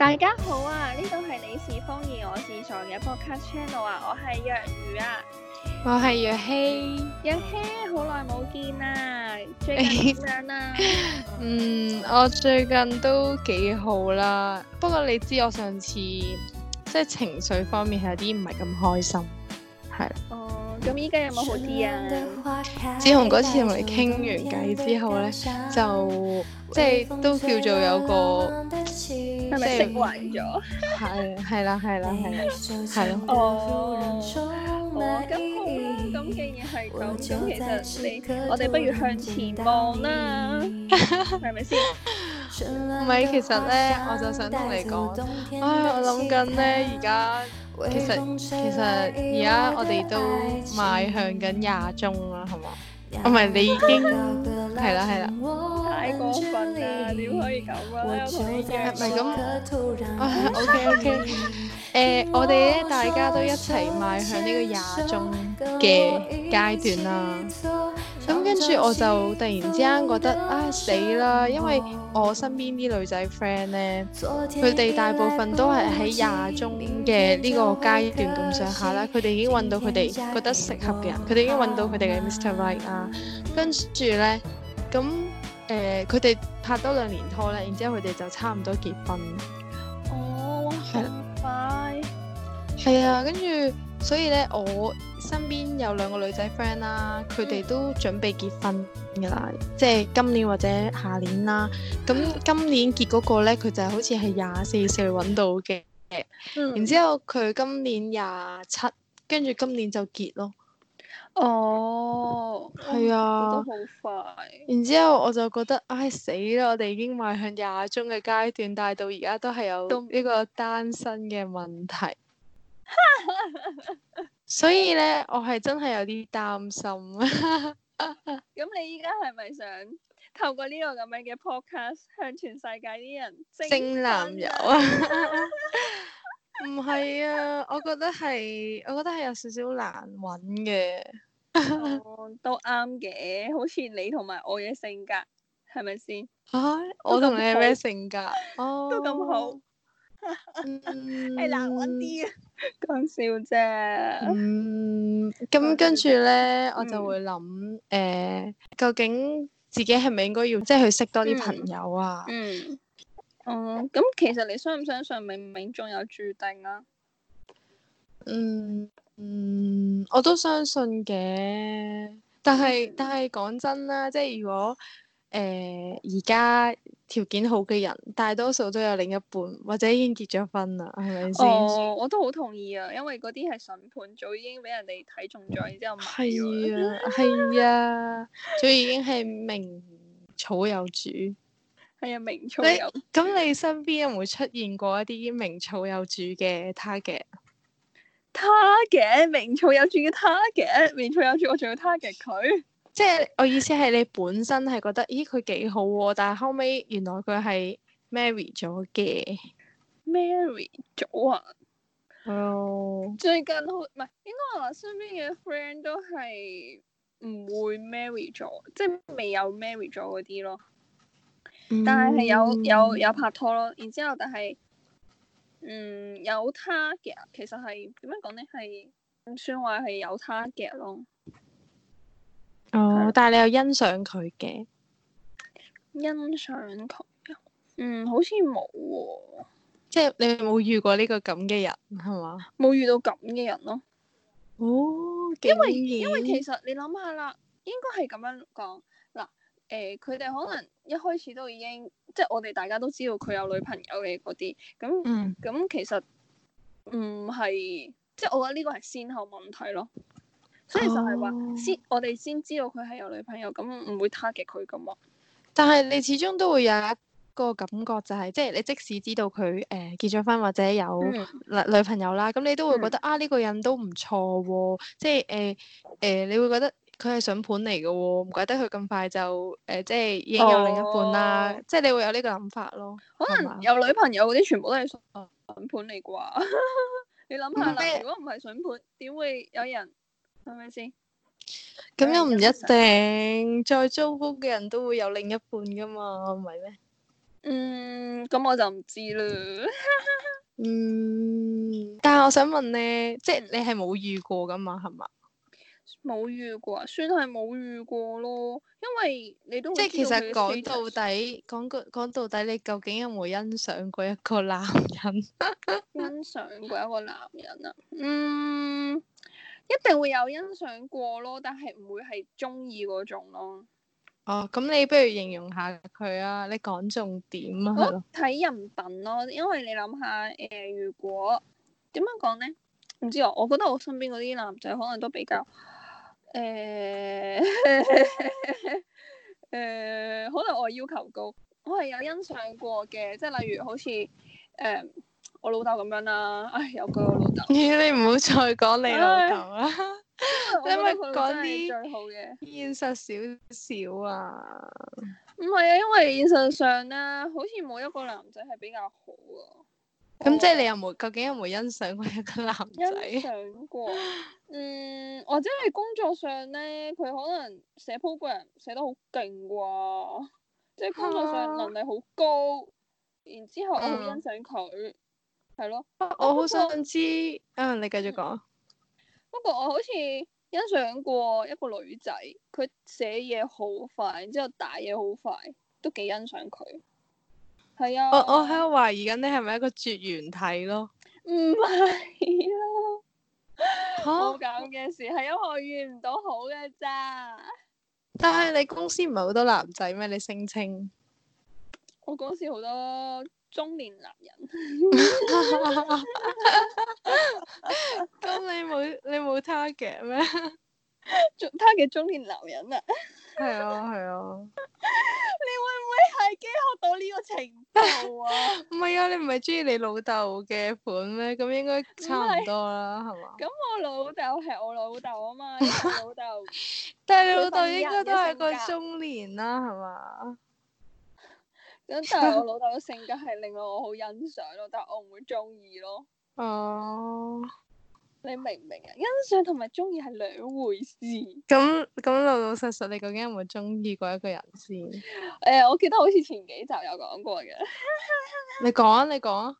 大家好啊！呢度係你是風兒，我是沙嘅播客 channel 啊，我係若如啊，我係若曦，若、hey, 曦好耐冇見啦，最近點樣啦？ 嗯，我最近都幾好啦，不過你知我上次即係情緒方面係有啲唔係咁開心，係哦。咁依家有冇好啲啊？自從嗰次同你傾完偈之後咧，就即係都叫做有個。係咪食完咗？係，係啦，係啦，係，係咯 的、哦。哦，咁咁既然係咁，咁其實你我哋不如向前望啦，係咪先？唔係， 其實咧，我就想同你講，唉、哎，我諗緊咧，而家其實其實而家我哋都邁向緊廿中啦，好冇？唔係、啊、你已經係啦係啦， 太過分啦，點 可以咁啊？唔係咁，OK OK，誒 okay. 呃，我哋咧大家都一齊邁向呢個廿中嘅階段啦。咁、嗯、跟住我就突然之間覺得啊死啦！因為我身邊啲女仔 friend 咧，佢哋大部分都係喺廿中嘅呢個階段咁上下啦，佢哋、就是、已經揾到佢哋覺得適合嘅人，佢哋已經揾到佢哋嘅 Mr.Right 啦。嗯、跟住咧，咁誒佢哋拍多兩年拖咧，然之後佢哋就差唔多結婚。哦，好快。係啊、嗯，跟住所以咧我，身邊有兩個女仔 friend 啦、啊，佢哋、嗯、都準備結婚噶啦，即係今年或者下年啦、啊。咁今年結嗰個呢，佢就係好似係廿四歲揾到嘅，嗯、然之後佢今年廿七，跟住今年就結咯。哦，係、哦、啊，覺得好快。然之後我就覺得唉、哎、死啦！我哋已經邁向廿中嘅階段，但係到而家都係有呢個單身嘅問題。 所以咧，我係真係有啲擔心。咁 你依家係咪想透過呢個咁樣嘅 podcast 向全世界啲人徵男友啊？唔係 啊，我覺得係，我覺得係有少少難搵嘅、 哦。都啱嘅，好似你同埋我嘅性格，係咪先？吓、啊，我同你係咩性格？哦，都咁好。係難搵啲啊，講笑啫。嗯，咁跟住咧，嗯、我就會諗，誒、呃，究竟自己係咪應該要，即、就、係、是、去識多啲朋友啊？嗯，哦、嗯，咁、嗯嗯、其實你相唔相信冥冥中有注定啊？嗯嗯，我都相信嘅，但係但係講真啦，即、就、係、是、如果。誒，而家條件好嘅人，大多數都有另一半，或者已經結咗婚啦，係咪先？哦，我都好同意啊，因為嗰啲係筍盤，早已經俾人哋睇中咗，然之後唔要。係啊，係啊，早已經係、啊啊、 名草有主。係 啊，名草有主。咁你身邊有冇出現過一啲名草有主嘅 target？target 名草有主嘅 target，名草有主，草有主我，我仲有 target 佢。即係我意思係你本身係覺得，咦佢幾好喎、啊，但係後尾原來佢係 marry 咗嘅。marry 咗啊？係啊。最近好唔係，應該我身邊嘅 friend 都係唔會 marry 咗，即係未有 marry 咗嗰啲咯。Mm hmm. 但係係有有有拍拖咯，然之後但係，嗯，有 target，其實係點樣講咧？係唔算話係有 target 咯。哦，但係你又欣賞佢嘅，欣賞佢，嗯，好似冇喎，即係你冇遇過呢個咁嘅人，係嘛？冇遇到咁嘅人咯。哦，因為因為其實你諗下啦，應該係咁樣講嗱，誒，佢、呃、哋可能一開始都已經，即係我哋大家都知道佢有女朋友嘅嗰啲，咁咁、嗯、其實唔係，即係我覺得呢個係先後問題咯。所以就係話先，我哋先知道佢係有女朋友，咁唔會 target 佢噶嘛？但係你始終都會有一個感覺、就是，就係即係你即使知道佢誒、呃、結咗婚或者有女、嗯呃、女朋友啦，咁你都會覺得、嗯、啊呢、這個人都唔錯、哦，即係誒誒你會覺得佢係笋盤嚟噶，唔怪得佢咁快就誒、呃、即係已經有另一半啦，哦、即係你會有呢個諗法咯。可能有女朋友嗰啲全部都係筍盤嚟啩？嗯、 你諗下啦，如果唔係筍盤，點會有人？係咪先？咁又唔一定，再租屋嘅人都會有另一半噶嘛，係咪？咩？嗯，咁我就唔知啦。 嗯，但係我想問咧，即係你係冇遇過噶嘛？係嘛？冇遇過啊？算係冇遇過咯，因為你都即係其實講到底，講個講到底，你究竟有冇欣賞過一個男人？ 欣賞過一個男人啊？嗯。一定會有欣賞過咯，但係唔會係中意嗰種咯。哦，咁你不如形容下佢啊，你講重點啊。睇、嗯、了人品咯，因為你諗下，誒、呃，如果點樣講咧，唔知啊，我覺得我身邊嗰啲男仔可能都比較，誒、呃，誒、 呃，可能我要求高，我係有欣賞過嘅，即係例如好似，誒、呃。我老豆咁樣啦、啊，唉，有個老豆。咦，你唔好再講你老豆啦，你咪講啲現實少少啊。唔係啊，因為現實上咧，好似冇一個男仔係比較好啊。咁即係你有冇？究竟有冇欣賞過一個男仔？欣賞過，嗯，或者你工作上咧，佢可能寫 program 寫得好勁啩，即係工作上能力好高，啊、然之後我好欣賞佢。嗯係咯，啊、我好想知，啊、嗯，你繼續講。不過我好似欣賞過一個女仔，佢寫嘢好快，然之後打嘢好快，都幾欣賞佢。係啊。我我喺度懷疑緊你係咪一個絕緣體咯？唔係是 啊！冇咁嘅事，係因為我遇唔到好嘅咋。但係你公司唔係好多男仔咩？你聲稱？我公司好多。中年男人，咁 你冇你冇 target 咩？仲 target 中年男人啊？係啊係啊，你會唔會係飢渴到呢個程度啊？唔係 啊，你唔係中意你老豆嘅款咩？咁應該差唔多啦，係是吧嘛？咁我 老豆係我老豆啊嘛，老豆，但係你老豆應該都係個中年啦，係嘛？咁但係我老豆嘅性格係令到我好欣賞咯，但係我唔會中意咯。哦，你明唔明啊？欣賞同埋中意係兩回事。咁咁老老實實，你究竟有冇中意過一個人先？誒、欸，我記得好似前幾集有講過嘅。 你講啊！你講啊！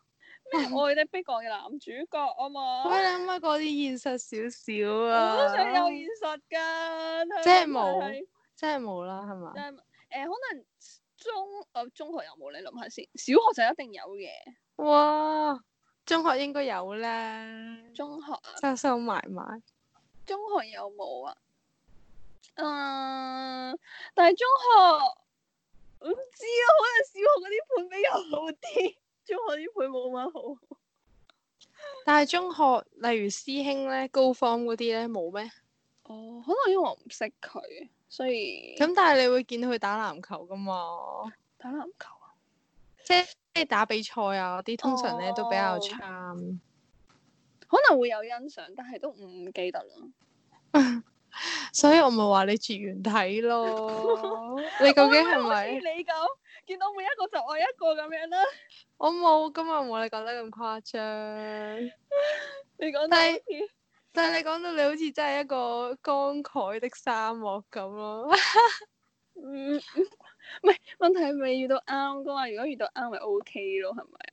咩愛的迫降嘅男主角啊嘛？喂， 你啱啱講啲現實少少啊！我都想有現實噶。即係冇，是是即係冇啦，係嘛？誒、呃，可能。中我中學有冇，你諗下先，小學就一定有嘅。哇，中學應該有啦。中學啊，收收埋埋。中學有冇啊？嗯、uh,，但係中學我唔知啊。可能小學嗰啲盤比較好啲，中學啲盤冇乜好。 但係中學例如師兄咧，高方嗰啲咧冇咩？哦，oh, 可能因為我唔識佢。所以咁，但係你會見到佢打籃球噶嘛？打籃球啊，即係打比賽啊嗰啲，通常咧、oh, 都比較差，可能會有欣賞，但係都唔記得啦。 所以我咪話你絕緣體咯， 你究竟係咪 你咁見到每一個就愛一個咁樣啦、啊？我冇今日冇你講得咁誇張， 你講低！但係你講到你好似真係一個乾涸的沙漠咁咯，唔 唔、嗯，唔、嗯、係問題係咪遇到啱噶嘛？如果遇到啱咪 O K 咯，係咪、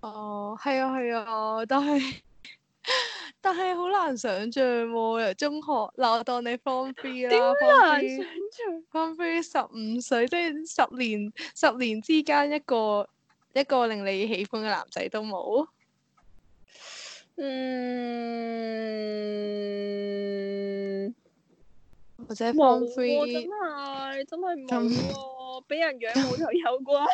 哦、啊？哦、啊，係啊係啊，但係但係好難想象喎，由中學鬧到你 form five 啊，form five 啦十五歲即係十年十年之間一個一個令你喜歡嘅男仔都冇。嗯，或者放 free 真係真係冇喎，俾那人養冇就有啩？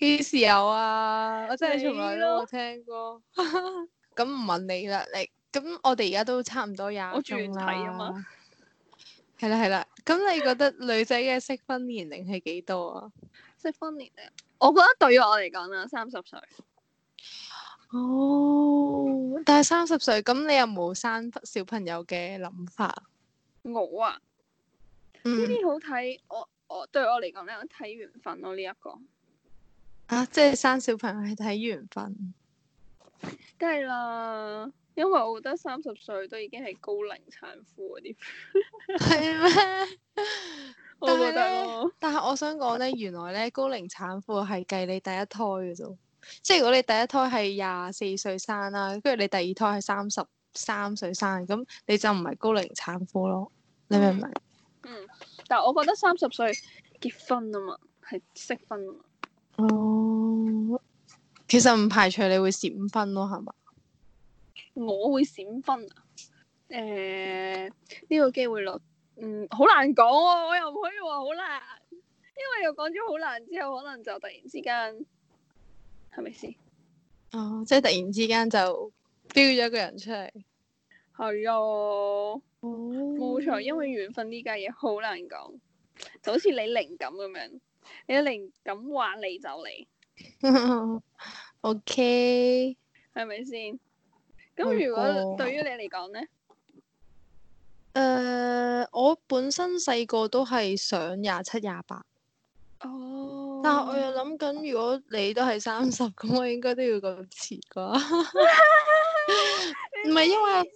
幾時有啊？ 我真係從來都冇聽過。咁唔 問你啦，你咁我哋而家都差唔多廿分鐘，我睇鐘嘛，係啦係啦，咁你覺得女仔嘅適婚年齡係幾多啊？適婚年齡，我覺得對於我嚟講啦，三十歲。哦，oh, 但係三十歲咁，你有冇生小朋友嘅諗法？我啊，呢啲、嗯、好睇，我我對我嚟講咧，睇緣分咯呢一個。啊，即係生小朋友係睇緣分。梗係啦，因為我覺得三十歲都已經係高齡產婦嗰啲。係 咩是嗎？ 我覺得， 但係呢我，我想講咧，原來咧高齡產婦係計你第一胎嘅啫。即係如果你第一胎係廿四歲生啦、啊，跟住你第二胎係三十三歲生、啊，咁你就唔係高齡產婦咯，你明唔明？嗯，但係我覺得三十歲結婚啊嘛，係識婚啊嘛。哦，其實唔排除你會閃婚咯，係嘛？我會閃婚啊？誒、呃、呢、這個機會率，嗯，好難講、啊，我又唔可以話好難，因為又講咗好難之後，可能就突然之間。係咪先？哦，oh, 即係突然之間就飆咗一個人出嚟。係啊的，冇錯、oh.，因為緣分呢家嘢好難講，就好似你靈感咁樣，你靈感話嚟就嚟。 OK，係咪先？咁如果對於你嚟講咧？誒 Okay.，uh, 我本身細個都係想廿七廿八。哦。Oh. 但係我又諗緊，如果你都係三十咁，我應該都要咁遲啩。唔 係因為，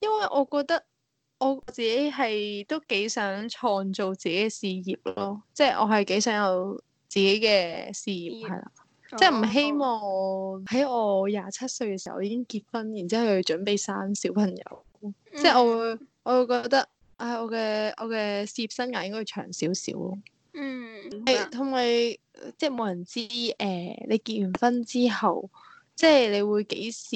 因為我覺得我自己係都幾想創造自己嘅事業咯，即係我係幾想有自己嘅事業係啦。即係唔希望喺我廿七歲嘅時候已經結婚，然之後去準備生小朋友。嗯、即係我會，我會覺得，唉，我嘅我嘅事業生涯應該要長少少咯。嗯，係同埋即係冇人知誒、呃，你結完婚之後，即係你會幾時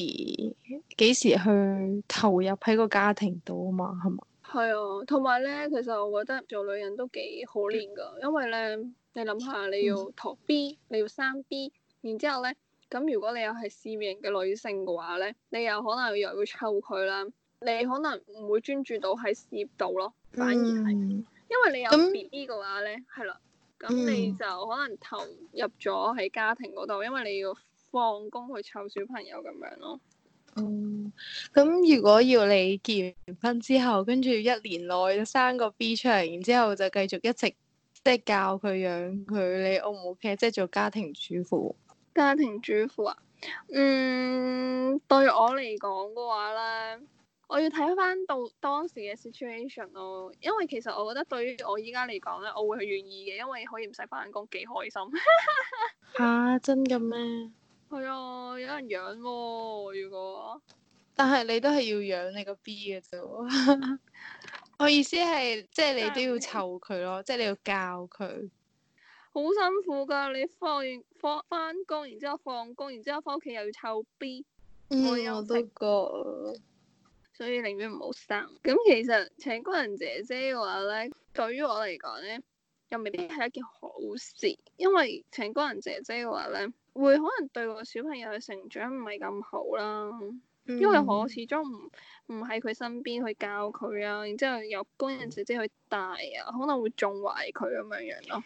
幾時去投入喺個家庭度啊嘛？係嘛？係啊，同埋咧，其實我覺得做女人都幾可憐噶，因為咧，你諗下你要陀 B，嗯、你要生 B，然之後咧，咁如果你又係事業型嘅女性嘅話咧，你又可能又要湊佢啦，你可能唔會專注到喺事業度咯，反而係。嗯因為你有 B B 嘅話咧，係啦、嗯，咁你就可能投入咗喺家庭嗰度，因為你要放工去湊小朋友咁樣咯。哦、嗯，咁、嗯、如果要你結完婚之後，跟住一年內生個 B 出嚟，然之後就繼續一直即係、即係、教佢養佢，你 O 唔 O K？即係做家庭主婦。家庭主婦啊？嗯，對我嚟講嘅話咧。我要睇翻到當時嘅 situation 咯，因為其實我覺得對於我依家嚟講咧，我會係願意嘅，因為可以唔使返工，幾開心。嚇、 啊！真嘅咩？係啊，有人養喎。如果，但係你都係要養你個 B 嘅啫。 我意思係，即係你都要湊佢咯，即係 你要教佢。好辛苦㗎！你放完放返工，然之後放工，然之後翻屋企又要湊 B。我有都覺得。所以寧願唔好生咁。其實，請工人姐姐嘅話咧，對於我嚟講咧，又未必係一件好事，因為請工人姐姐嘅話咧，會可能對個小朋友嘅成長唔係咁好啦，嗯、因為我始終唔唔喺佢身邊去教佢啊，然之後由工人姐姐去帶啊，可能會縱壞佢咁樣樣咯。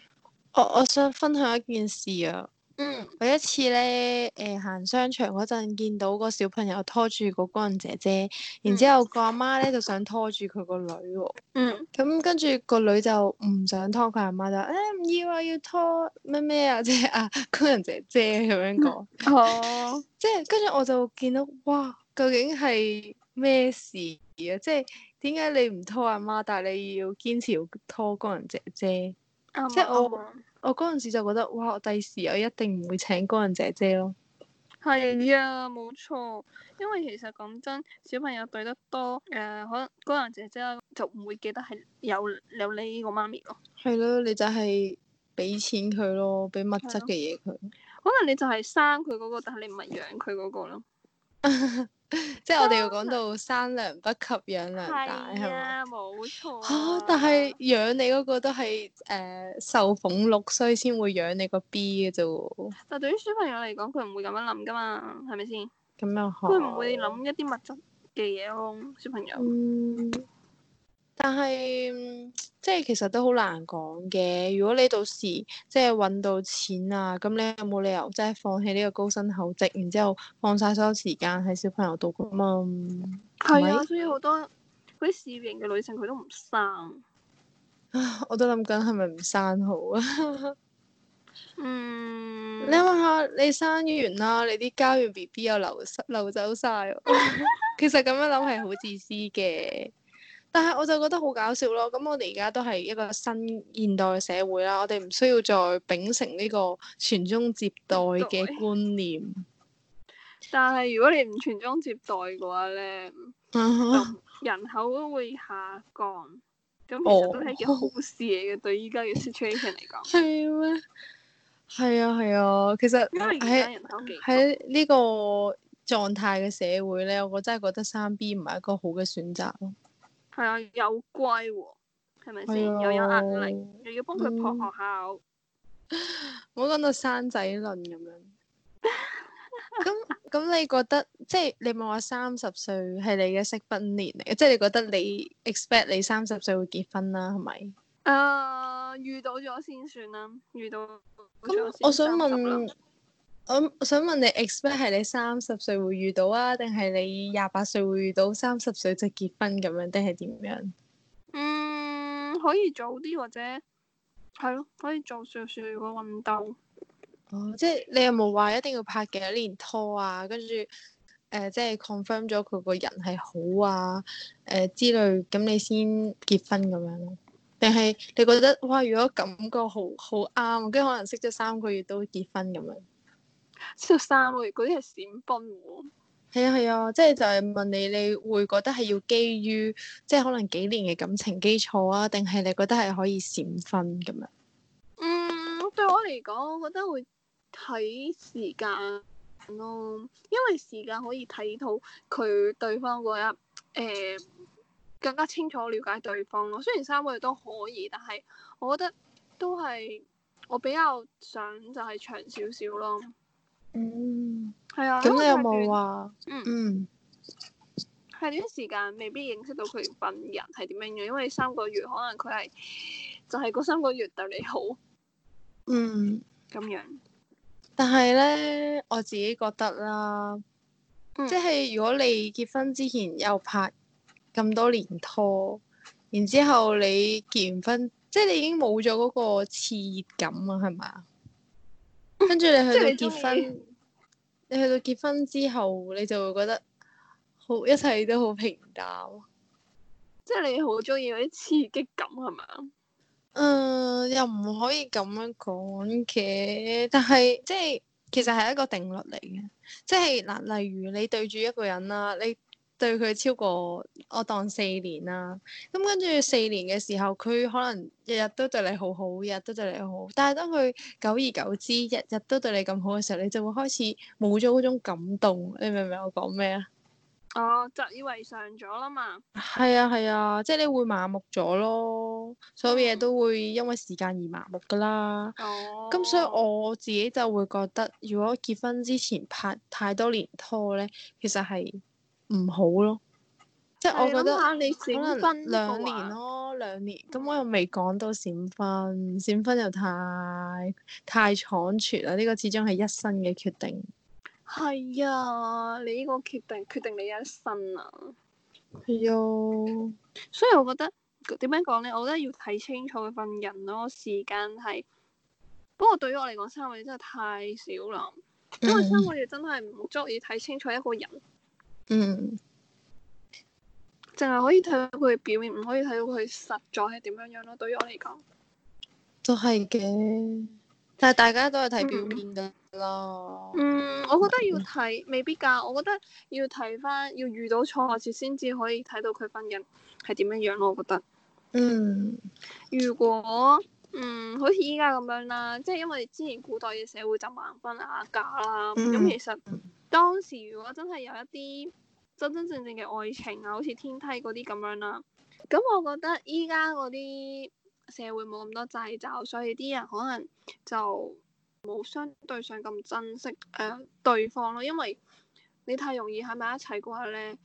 我我想分享一件事啊。嗯，有一次咧，誒行商場嗰陣見到個小朋友拖住個工人姐姐，然之後個阿媽咧就想拖住佢個女喎。嗯。咁跟住個女就唔想拖，佢阿媽就誒唔要啊，要拖咩咩啊，即係啊工人姐姐咁樣講。哦 AS AP。即係跟住我就見到，哇，究竟係咩事啊？即係點解你唔拖阿媽，但係你要堅持要拖工人姐姐？即係我。我嗰陣時就覺得，哇！我第時我一定唔會請工人姐姐咯。係啊，冇錯。因為其實講真，小朋友對得多，誒、呃，可能工人姐姐就唔會記得係有有你個媽咪咯。係咯、啊，你就係俾錢佢咯，俾物質嘅嘢佢。可能你就係生佢嗰、嗰個，但係你唔係養佢嗰個咯。 即係我哋要講到生娘不及養娘大，係啊，冇錯嗎、啊哦、但係養你嗰個都係誒、呃、受俸祿，所以先會養你個 B 嘅啫。但係對於小朋友嚟講，佢唔會咁樣諗噶嘛，係咪先？咁樣佢唔會諗一啲物質嘅嘢咯，小朋友。嗯但係即係其實都好難講嘅。如果你到時即係揾到錢啊，咁你有冇理由即係放棄呢個高薪厚職，然之後放晒所有時間喺小朋友度噶嘛？係啊，是是所以好多嗰啲事業型嘅女性佢都唔生。 我都諗緊係咪唔生好啊？ 嗯，你諗下，你生完啦，你啲膠原 B B 又流失流走晒， 其實咁樣諗係好自私嘅。但係我就覺得好搞笑咯。咁我哋而家都係一個新現代嘅社會啦，我哋唔需要再秉承呢個傳宗接代嘅觀念。但係如果你唔傳宗接代嘅話咧，啊、人口都會下降。咁其實都係件好事嚟嘅，哦、對依家嘅 situation 嚟講係咩？係啊係啊，其實喺喺呢個狀態嘅社會咧，我真係覺得三 B 唔係一個好嘅選擇咯。係啊，又貴喎，哦，係咪先？又，哎，喲有壓力，又，嗯、要幫佢撲學校。唔好講到生仔論咁樣。咁咁， 你覺得即係你冇話三十歲係你嘅適婚年嚟，即係你覺得你 expect 你三十歲會結婚啦，係咪？啊、uh,，遇到咗先算啦，遇到咗先。咁我想問，我想問你，expect 係你三十歲會遇到啊，定係你廿八歲會遇到三十歲就結婚咁樣，定係點樣？嗯，可以早啲或者係咯，可以做少少個運動哦。即係你有冇話一定要拍幾多年拖啊？跟住誒，即係 confirm 咗佢個人係好啊誒、呃、之類，咁你先結婚咁樣咯？定係你覺得哇？如果感覺好好啱，跟住可能識咗三個月都結婚咁樣。三個月嗰啲係閃婚喎，係啊係啊，即係、啊、就係、是、問你，你會覺得係要基於即係可能幾年嘅感情基礎啊，定係你覺得係可以閃婚咁樣？嗯，對我嚟講，我覺得會睇時間咯，因為時間可以睇到佢對方嗰一誒、欸、更加清楚了解對方咯。雖然三個月都可以，但係我覺得都係我比較想就係長少少咯。嗯，係啊。咁你有冇話？嗯嗯，係短時間未必認識到佢本人係點樣樣，因為三個月可能佢係就係嗰三個月對你好。嗯，咁樣、嗯。但係咧、嗯，我自己覺得啦，嗯、即係如果你結婚之前又拍咁多年拖，然之後你結完婚，即係你已經冇咗嗰個熾熱感啊？係咪啊？跟住你去到結婚。 你去到結婚之後，你就會覺得好一切都好平淡，即係你好中意嗰啲刺激感係嘛？誒、呃，又唔可以咁樣講嘅，但係即係其實係一個定律嚟嘅，即係嗱，例如你對住一個人啦，你。對佢超過我當四年啦，咁跟住四年嘅時候，佢可能日日都對你好好，日日都對你好好。但係當佢久而久之，日日都對你咁好嘅時候，你就會開始冇咗嗰種感動。你明唔明我講咩、哦、啊？哦，習以為常咗啦嘛。係啊係啊，即係你會麻木咗咯，嗯、所有嘢都會因為時間而麻木噶啦。哦。咁所以我自己就會覺得，如果結婚之前拍太多年拖咧，其實係～唔好咯，即、就、係、是、我覺得的、啊、你閃婚兩年咯，兩、嗯、年咁我又未講到閃婚，閃婚又太太倉促啦，呢、這個始終係一生嘅決定。係啊，你呢個決定決定你一生啊。係啊的，所以我覺得點樣講咧？我覺得要睇清楚份人咯、啊，時間係。不過對於我嚟講，三個月真係太少啦，嗯、因為三個月真係唔足以睇清楚一個人。嗯，淨係可以睇到佢表面，唔可以睇到佢實在係點樣樣咯。對於我嚟講，就係嘅，但係大家都係睇表面噶咯。嗯，我覺得要睇未必噶，我覺得要睇翻，要遇到錯事先至可以睇到佢婚姻係點樣樣咯。我覺得，嗯，如果嗯，好似依家咁樣啦，即係因為之前古代嘅社會就盲婚啞嫁啦，咁、啊嗯、其實。當時如果真係有一啲真真正正嘅愛情啊，好似天梯嗰啲咁樣啦，咁我覺得依家嗰啲社會冇咁多掣肘，所以啲人可能就冇相對上咁珍惜誒對方咯，因為你太容易喺埋一齊嘅話咧，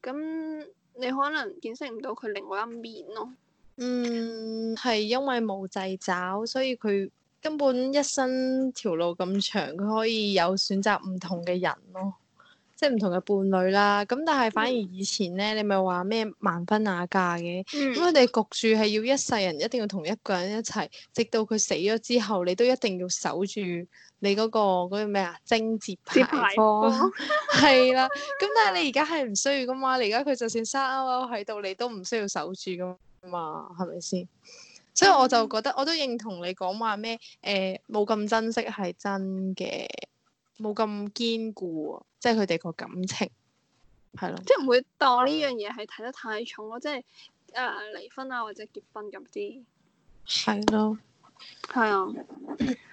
咁你可能見識唔到佢另外一面咯。嗯，係因為冇掣肘，所以佢。根本一生條路咁長，佢可以有選擇唔同嘅人咯，即係唔同嘅伴侶啦。咁但係反而以前咧，你咪話咩萬分下嫁嘅，咁佢哋焗住係要一世人一定要同一個人一齊，直到佢死咗之後，你都一定要守住你嗰、嗰個嗰啲咩啊，貞節牌坊，係 啦。咁但係你而家係唔需要噶嘛？你而家佢就算生勾勾喺度，你都唔需要守住噶嘛？係咪先？所以我就覺得我都認同你講話，咩，誒，冇咁珍惜係真嘅，冇咁堅固，即係佢哋個感情係咯，即係唔會當呢樣嘢係睇得太重咯，的即係誒、呃、離婚啊或者結婚咁啲，係咯，係啊，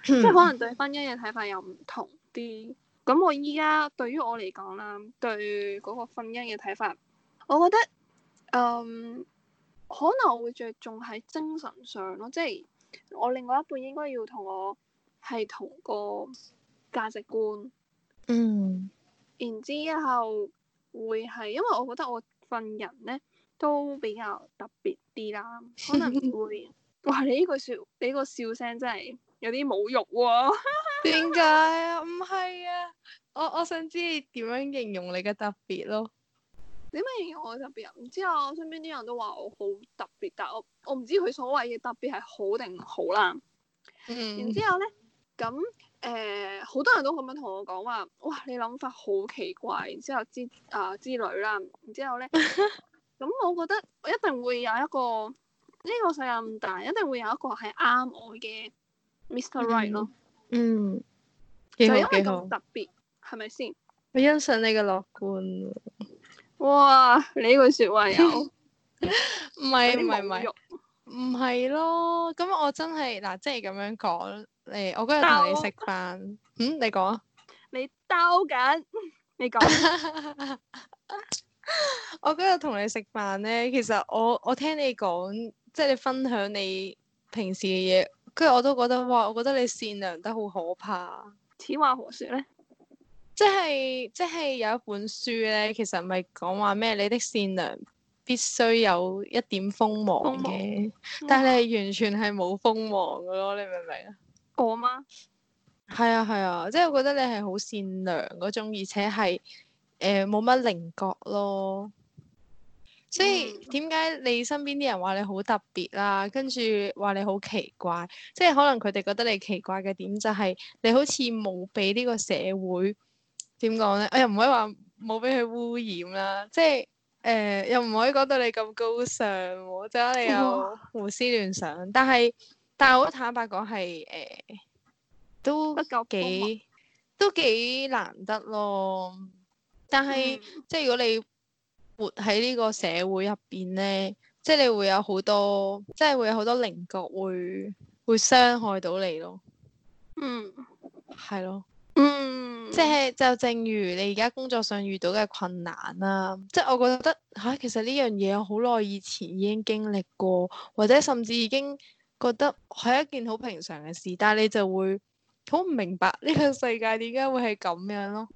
即係可能對婚姻嘅睇法又唔同啲。咁我依家對於我嚟講啦，對嗰個婚姻嘅睇法，我覺得嗯。可能我會着重喺精神上咯，即係我另外一半應該要我同我係同個價值觀，嗯，然之後會係，因為我覺得我份人咧都比較特別啲啦，可能會。 哇，你呢句笑，你個笑聲真係有啲侮辱喎。點解啊？唔 係啊，我我想知你點樣形容你嘅特別咯。點解我特別啊？然之後我身邊啲人都話我好特別，但係我我唔知佢所謂嘅特別係好定唔好啦。嗯、mm。Hmm. 然之後咧，咁誒，好、呃、多人都咁樣同我講話，哇！你諗法好奇怪，然之後之啊、呃、之類啦。然之後咧，咁 我覺得我一定會有一個呢、呢個世界咁大，一定會有一個係啱我嘅 Mr. Right 咯。Mm hmm. 嗯。就因為咁特別，係咪先？是是我欣賞你嘅樂觀。哇！你呢句説話有？唔係唔係唔係唔係咯。咁我真係嗱，即係咁樣講嚟，我嗰日同你食飯。鬥嗯，你講啊，你兜緊， 你講。我嗰日同你食飯咧，其實我我聽你講，即係你分享你平時嘅嘢，跟住我都覺得哇，我覺得你善良得好可怕。此話何説咧？即係即係有一本書咧，其實咪講話咩？你的善良必須有一點鋒芒嘅，鋒鋒鋒鋒，但係你係完全係冇鋒芒嘅咯，你明唔明啊？我嗎？係啊係啊，即係我覺得你係好善良嗰種，而且係誒冇乜稜角咯。所以點解、嗯、你身邊啲人話你好特別啦、啊？跟住話你好奇怪，即係可能佢哋覺得你奇怪嘅點就係你好似冇俾呢個社會。點講咧？我又唔可以話冇俾佢污染啦，即係誒、呃，又唔可以講到你咁高尚，即係你又胡思亂想。但係，但係我都坦白講係誒，都唔夠幾，都幾難得咯。但係、嗯、即係如果你活喺呢個社會入邊咧，即係你會有好多，即係會有好多稜角會會傷害到你咯。嗯，係咯。嗯，即係就正如你而家工作上遇到嘅困難啦，即係我覺得吓，其實呢樣嘢好耐以前已經經歷過，或者甚至已經覺得係一件好平常嘅事，但係你就會好唔明白呢個世界點解會係咁樣咯？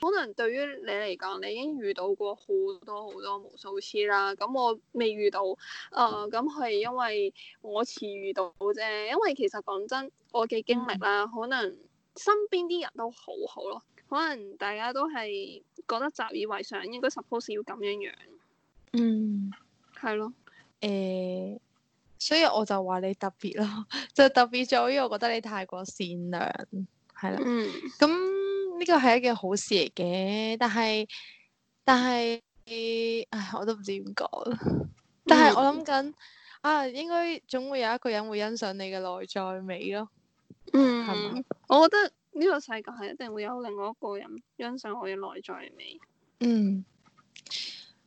可能對於你嚟講，你已經遇到過好多好多無數次啦。咁我未遇到，誒咁係因為我遲遇到啫。因為其實講真，我嘅經歷啦，可能，嗯。身邊啲人都好好咯，可能大家都係覺得習以為常，應該 suppose 要咁樣樣。嗯，係咯。誒、欸，所以我就話你特別咯，就特別在於我覺得你太過善良，係啦。嗯。咁呢個係一件好事嚟嘅，但係但係，唉，我都唔知點講。但係我諗緊，嗯、啊，應該總會有一個人會欣賞你嘅內在美咯。嗯，我覺得呢個世界係一定會有另外一個人欣賞我嘅內在美。嗯，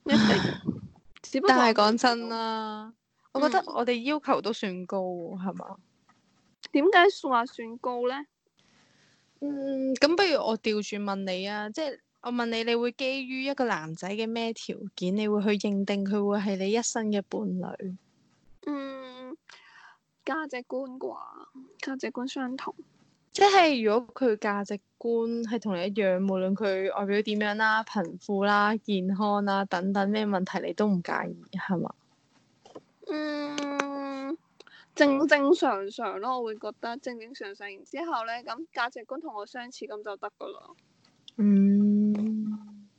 一定。 但係講真啦，我覺得我哋要求都算高，係嘛？嗯？點解話算高咧？嗯，咁不如我調轉問你啊，即係我問你，你會基於一個男仔嘅咩條件，你會去認定佢會係你一生嘅伴侶？嗯。價值觀啩，價值觀相同。即係如果佢價值觀係同你一樣，無論佢外表點樣啦、貧富啦、健康啦等等咩問題，你都唔介意係嘛？嗯，正正常常咯，我會覺得正正常常然。然之後咧，咁價值觀同我相似，咁就得噶啦。嗯，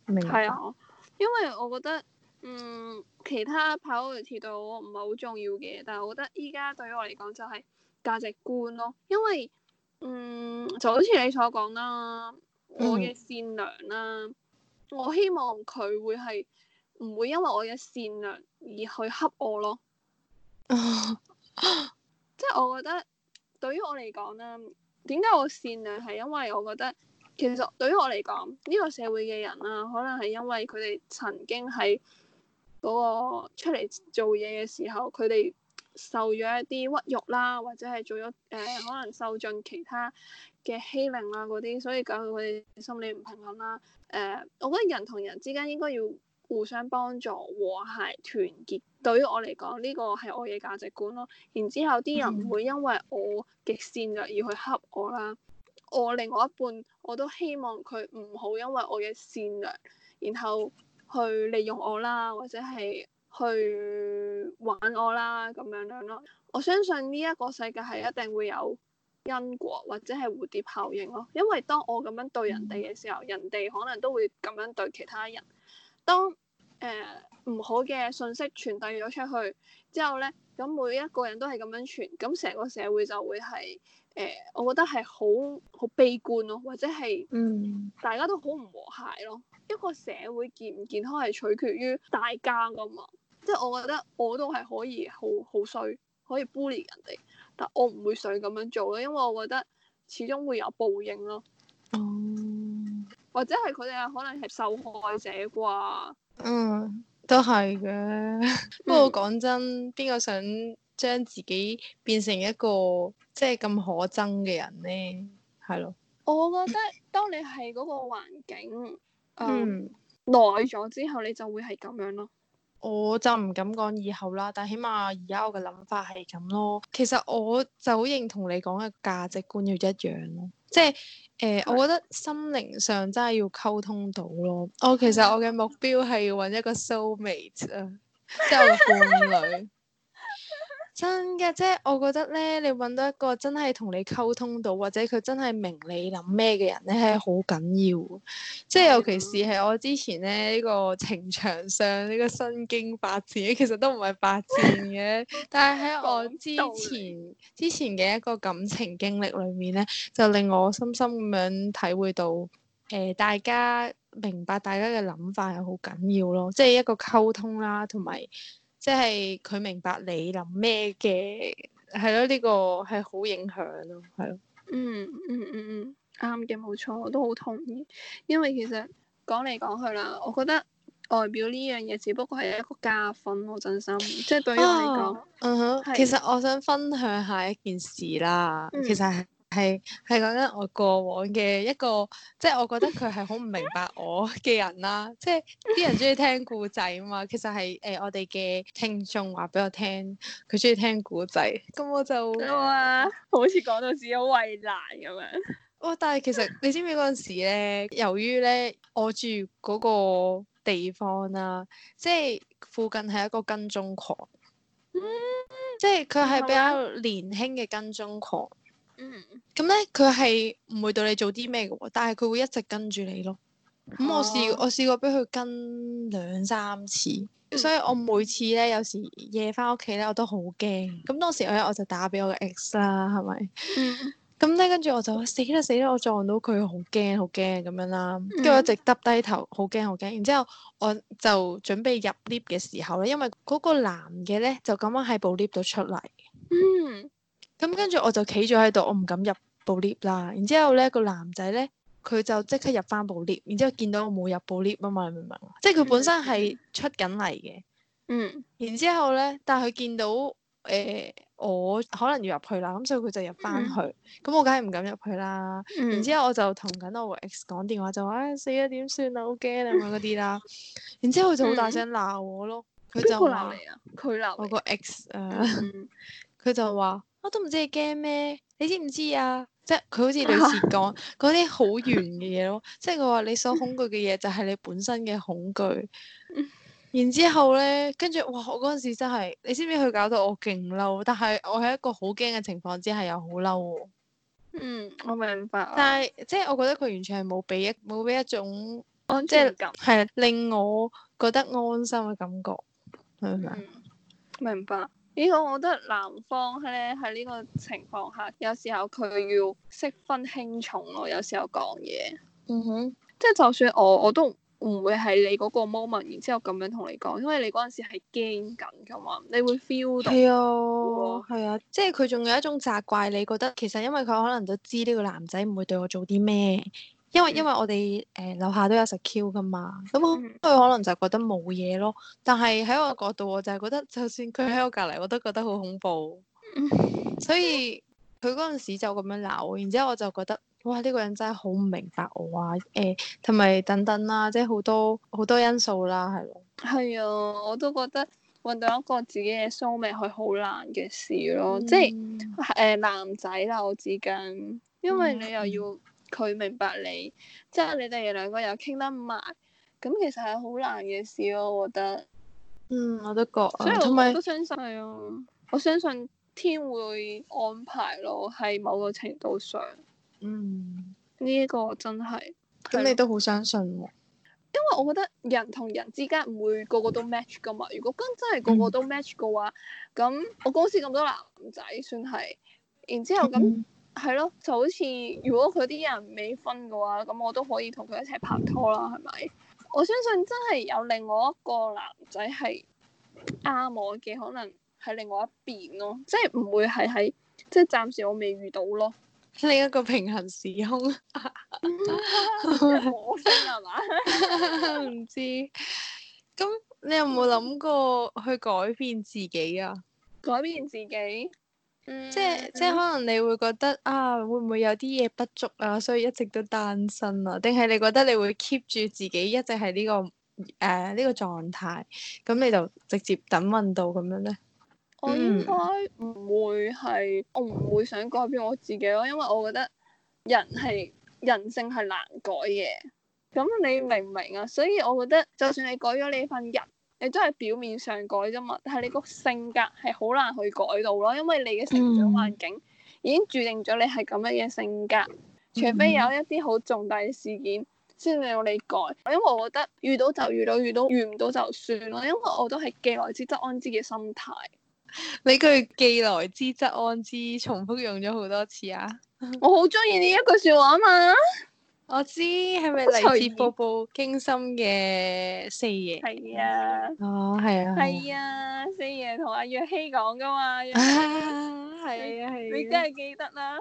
明。係啊，因為我覺得。嗯，其他跑嚟跳我唔係好重要嘅，但係我覺得依家對於我嚟講就係價值觀咯，因為嗯就好似你所講啦，嗯、我嘅善良啦，我希望佢會係唔會因為我嘅善良而去恰我咯， 即係我覺得對於我嚟講啦，點解我善良係因為我覺得其實對於我嚟講呢個社會嘅人啊，可能係因為佢哋曾經喺。嗰個出嚟做嘢嘅時候，佢哋受咗一啲屈辱啦，或者係做咗誒、呃，可能受盡其他嘅欺凌啦嗰啲，所以搞到佢哋心理唔平衡啦。誒、呃，我覺得人同人之間應該要互相幫助、和諧團結。對於我嚟講，呢、這個係我嘅價值觀咯。然之後啲人唔會因為我嘅善良而去恰我啦。我另外一半，我都希望佢唔好因為我嘅善良，然後。去利用我啦，或者係去玩我啦咁樣樣咯。我相信呢一個世界係一定會有因果或者係蝴蝶效應咯。因為當我咁樣對人哋嘅時候，人哋可能都會咁樣對其他人。當誒唔好嘅信息傳遞咗出去之後咧，咁每一個人都係咁樣傳，咁成個社會就會係誒，我覺得係好好悲觀咯，或者係嗯，大家都好唔和諧咯。一個社會健唔健康係取決於大家噶嘛，即係我覺得我都係可以好好衰，可以 bully 人哋，但我唔會想咁樣做咯，因為我覺得始終會有報應咯。哦、嗯，或者係佢哋可能係受害者啩？嗯，都係嘅。不過講真，邊個想將自己變成一個即係咁可憎嘅人咧？係咯，我覺得當你係嗰個環境。嗯，um, 耐咗之後你就會係咁樣咯。我就唔敢講以後啦，但起碼而家我嘅諗法係咁咯。其實我就好認同你講嘅價值觀要一樣咯，即係誒，呃、的我覺得心靈上真係要溝通到咯。我、哦、其實我嘅目標係要搵一個 soul mate 啊，即係伴侶。 真嘅，即係我覺得咧，你揾到一個真係同你溝通到，或者佢真係明你諗咩嘅人咧，係好緊要。即係尤其是係我之前咧呢、呢個情場上呢、呢個身經百戰，其實都唔係百戰嘅。 但係喺我之前 之前嘅一個感情經歷裏面咧，就令我深深咁樣體會到，誒、呃、大家明白大家嘅諗法係好緊要咯，即係一個溝通啦，同埋。即係佢明白你諗咩嘅。係咯，呢個係好影響咯，係咯、嗯。嗯嗯嗯嗯，啱嘅，冇錯，我都好同意。因為其實講嚟講去啦，我覺得外表呢樣嘢只不過係一個加分，我真心。即係、哦、對於我嚟講，嗯哼，的其實我想分享下一件事啦，嗯、其實係。係係講緊我過往嘅一個，即係我覺得佢係好唔明白我嘅人啦。 即係啲人中意聽故仔啊嘛，其實係誒、呃、我哋嘅聽眾話俾我聽，佢中意聽故仔，咁我就 哇，好似講到自己好為難咁樣。哇、 哦！但係其實你知唔知嗰陣時咧，由於咧我住嗰個地方啦、啊，即係附近係一個跟蹤狂，嗯、即係佢係比較年輕嘅跟蹤狂。嗯，咁咧佢係唔會對你做啲咩嘅，但係佢會一直跟住你咯。咁我試、哦、我試過俾佢跟兩三次，嗯、所以我每次咧有時夜翻屋企咧，我都好驚。咁當時我我就打俾我嘅 ex 啦，係咪？嗯。咁咧 跟住我就死啦死啦，我撞到佢好驚好驚咁樣啦，跟住我一直耷低頭，好驚好驚。然之後我就準備入 lift 嘅時候咧，因為嗰個男嘅咧就咁樣喺部 lift 度出嚟。嗯。咁、嗯、跟住我就企咗喺度，我唔敢入部 lift 啦。然之後咧，個男仔咧，佢就即刻入翻部 lift，然之後見到我冇入部 lift 啊嘛，你明唔明？嗯、即係佢本身係出緊嚟嘅。嗯。然之後咧，但係佢見到誒、呃、我可能要入去啦，咁所以佢就入翻去。咁、嗯、我梗係唔敢入去啦。嗯、然之後我就同緊我 ex 講、e、電話，就話、哎、死咗點算啊，好驚啊嗰啲啦。嗯、然之後佢就好大聲鬧我咯。邊個鬧你啊？佢鬧。我個 x 啊。佢就話。我都唔知你驚咩，你知唔知啊？即係佢好似類似講嗰啲好圓嘅嘢咯，即係佢話你所恐懼嘅嘢就係你本身嘅恐懼。 然之後咧，跟住哇，我嗰陣時真係，你知唔知佢搞到我勁嬲？但係我喺一個好驚嘅情況之下又好嬲。嗯，我明白。但係即係我覺得佢完全係冇俾一冇俾一種安即係係令我覺得安心嘅感覺，嗯、明唔明？明白。呢個我覺得男方咧喺呢個情況下，有時候佢要識分輕重咯。有時候講嘢，嗯哼，即係就算我我都唔會係你嗰個 moment，然之後咁樣同你講，因為你嗰陣時係驚緊噶嘛，你會 feel 到係啊，係啊，即係佢仲有一種責怪，你覺得其實因為佢可能都知呢個男仔唔會對我做啲咩。因為因為我哋誒、嗯呃、樓下都有食 q u 噶嘛，咁佢可能就覺得冇嘢咯。但係喺我角度，我就係覺得，就算佢喺我隔離，我都覺得好恐怖。嗯、所以佢嗰陣時就咁樣鬧，然之後我就覺得，哇！呢、這個人真係好唔明白我啊，誒同埋等等啦、啊，即係好多好多因素啦、啊，係咯。係啊，我都覺得揾到一個自己嘅蘇名係好難嘅事咯，嗯、即係誒、呃、男仔啦，我之間，嗯、因為你又要。佢明白你，即係你哋兩個又傾得埋，咁其實係好難嘅事咯，啊，我覺得。嗯，我都覺啊，所以我都相信們、啊、我相信天會安排咯，喺某個程度上。嗯，呢一個真係。咁，嗯啊、你都好相信喎，啊。因為我覺得人同人之間唔會個個都 match 噶嘛，如果真真係個個都 match 嘅話，咁，嗯、我公司咁多男仔算係，然之後咁。嗯係咯，就好似如果佢啲人未分嘅話，咁我都可以同佢一齊拍拖啦，係咪？我相信真係有另外一個男仔係啱我嘅，可能喺另外一邊咯，即係唔會係喺，即係暫時我未遇到咯。另一個平衡時空，有我份係嘛？唔知，咁你有冇諗過去改變自己啊？改變自己？嗯、即係即係，可能你會覺得啊，會唔會有啲嘢不足啊，所以一直都單身啊？定係你覺得你會 keep 住自己一直係呢個誒呢、呃個狀態，咁你就直接等運到咁樣咧？我應該唔會係，我唔會想改變我自己咯，因為我覺得人係人性係難改嘅。咁你明唔明啊？所以我覺得，就算你改咗你份人。你都係表面上改啫嘛，但係你個性格係好難去改到咯，因為你嘅成長環境已經注定咗你係咁樣嘅性格，嗯、除非有一啲好重大嘅事件先令你改。因為我覺得遇到就遇到，遇到，遇到遇唔到就算咯，因為我都係既來之則安之嘅心態。你句既來之則安之重複用咗好多次啊！ 我好中意呢一句說話啊嘛～我知，係咪嚟自步步驚心嘅四爺？係啊，哦，係啊，係啊，四爺同阿若曦講㗎嘛？係啊係，你真係記得啦，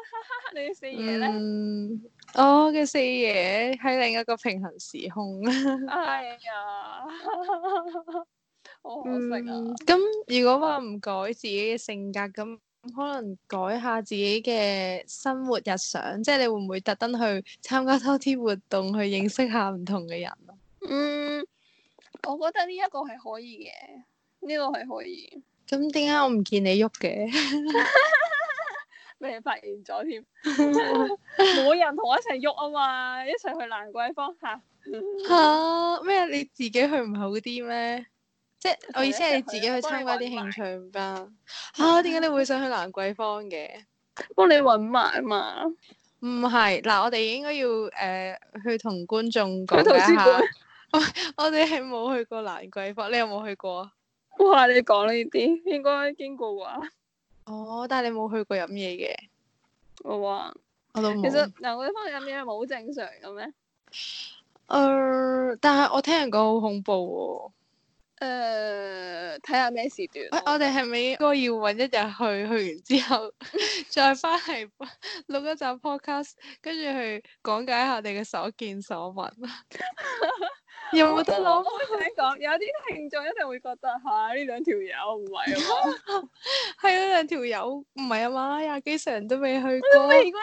你四爺咧？我嘅四爺喺另一個平衡時空。係 啊、哎呀， 好可惜啊！咁、嗯、如果話唔改自己嘅性格咁？可能改下自己嘅生活日常，即係你會唔會特登去參加多啲活動去認識下唔同嘅人啊？嗯，我覺得呢一個係可以嘅，呢、呢個係可以。咁點解我唔見你喐嘅？未 發現咗添，冇 人同我一齊喐啊嘛！一齊去蘭桂坊下，吓、啊、咩、 啊？你自己去唔好啲咩？即係的我意思係你自己去參加啲興趣班啊？點解的你會想去蘭桂坊嘅？幫你搵埋嘛？唔係嗱，我哋應該要誒、呃、去同觀眾講 我哋係冇去過蘭桂坊，你有冇去過啊？哇！你講呢啲應該經過啊？哦，但係你冇去過飲嘢嘅。我啊說，我都冇。其實蘭桂坊飲嘢係冇好正常嘅咩？誒、呃，但係我聽人講好恐怖喎。誒，睇下咩時段？欸、我哋係咪應該要搵一日去？去完之後 再翻嚟錄一集 podcast，跟住去講解下你嘅所見所聞 。有冇得攞開嚟講？有啲聽眾一定會覺得吓，呢兩條友唔係啊！係啊，兩條友唔係啊，嘛？廿幾成人都未去過。都未過